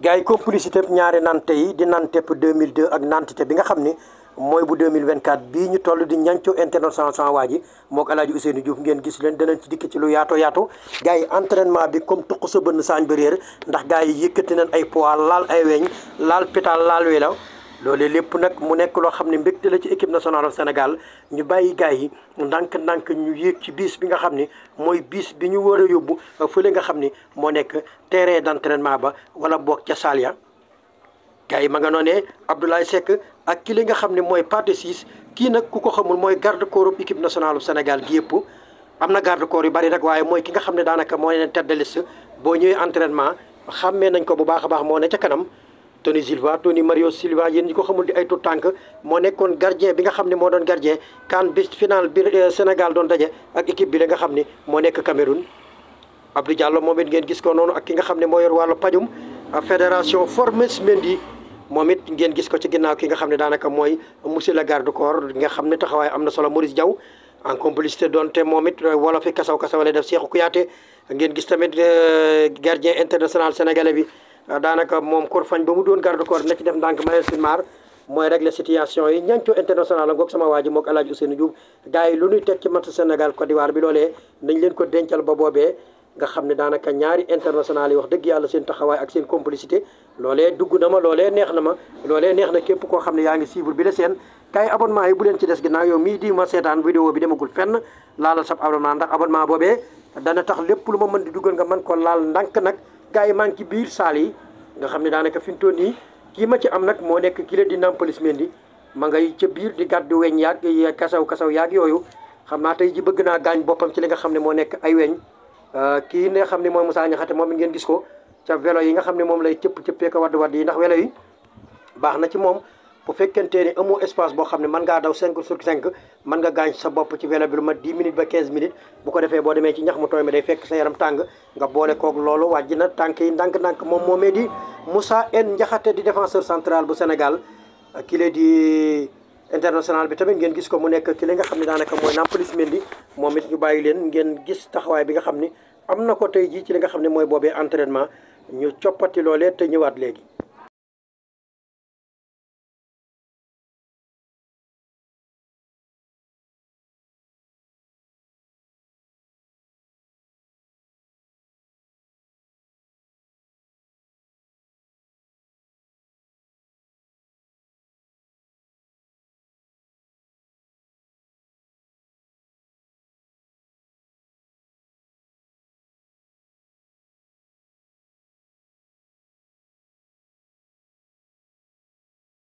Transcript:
gars yi complicité ñaari nante yi di nantepp 2002 ak nantité bi nga xam ni mooy bu 2024 bii ñu toll di ñanco international sans waa ji moo ko alaaji Ousseynou Diouf ngeen gis leen danañ ci dikk ci lu yaato yaatu gars yi entraînement bi comme tuq sa bënn saañ ba réer ndax gars yi yëkkati nañ ay poids laal ay weñ laal pétal laal welaw loole lépp nag mu nekk loo xam ne mbégte la ci équipe nationale Sénégal ñu bàyyi gars yi ndànk-ndànk ñu yéeg ci biis bi nga xam ni mooy biis bi ñu war a yóbbu euh, fële nga xam ni moo nekk terrain d'entraînement ba wala boog ca saal ya gars ma nga noonee Abdoulaye Seck ak ki li nga xam ne mooy Pathé Ciss kii nag ku ko xamul mooy garde corps équipe nationale Sénégal gi yëpp am na garde corps yu bari nag waaye mooy ki nga xam ne daanaka mooy leen tête de boo ñëwee entraînement xàmmee nañ ko bu baax a baax moo ne ca kanam Tony Silva Tony Mario Silva yéen ñi ko xamul di ay tout tànk moo nekkoon gardien bi nga xam ne moo doon gardien CAN bis final bi euh, Sénégal doon daje ak équipe bi la nga xam ni moo nekk Cameroun. Abdou Diallo moom it ngeen gis ko noonu ak ki nga xam ne moo yor wàllu pajum euh, fédération Formose Mendy moom it ngeen gis ko ci ginnaaw ki nga xam ne daanaka mooy monsieur le garde corps nga xam ne taxawaay am na solo Maurice Diaw. en complicité donte moom it euh, wolof yi kasaw kasaw lay def Cheikhou Kouyaté ngeen gis tamit gardien international sénégalais bi. daanaka moom Korfañ ba mu doon garde corps na ci def ndànk Mayel mooy régler situation yi ñanco international la ngoog sama waa ji moog El Hadj Ousseynou Diouf gars yi lu ñuy teg ci Sénégal Côte d'Ivoire bi loolee leen ko dencal ba boobee nga xam ne daanaka ñaari international yi wax dëgg yàlla seen taxawaay ak seen complicité loolee dugg na ma neex na ma loole neex na képp koo xam ne yaa ngi suivre bi la seen kay abonnement yi bu leen ci des ginnaaw yow mii di ma seetaan vidéo bi demagul fenn laalal sab abonnement ndax abonnement boobee dana tax lépp lu ma mën di duggal nga mën ko laal ndànk nag gars yi maa ngi biir saal yi nga xam ne daanaka fi mu toll nii kii ma ci am nag moo nekk di la di Nampalys Mendy ma ngay ca biir di gàddu weñ yaag kasaw kasaw yaag yooyu xam naa te ji bëgg naa gaañ boppam ci li nga xam ne moo nekk ay weñ euh, kii nga xam ne mooy Moussa Niakhaté moom ngeen gis ko ca vélo yi nga xam ne moom lay cëpp cëppee ko wadd wadd yi ndax vélo yi baax na ci moom bu fekkente ni amoo espace boo xam ne mën ngaa daw cinq sur 5 mën nga gaañ sa bopp ci vélo bi lu mat 10 minutes ba 15 minutes bu ko defee boo demee ci ñax mu tooy mi day fekk sa yaram tàng nga boole koog loolu wàjji na tànk yi ndànk-ndànk moom moomee di Moussa N Ndiakhaté di défenseur centrale bu Sénégal kile di international bi tamit ngeen gis ko mu nekk ki nga xam ne daanaka mooy Nampalys Mendy moom it ñu bàyyi leen ngeen gis taxawaay bi nga xa ne am na ko tey jii ci li nga xam ne mooy boobee entraînement ñu coppati loolee te ñëwaat léegi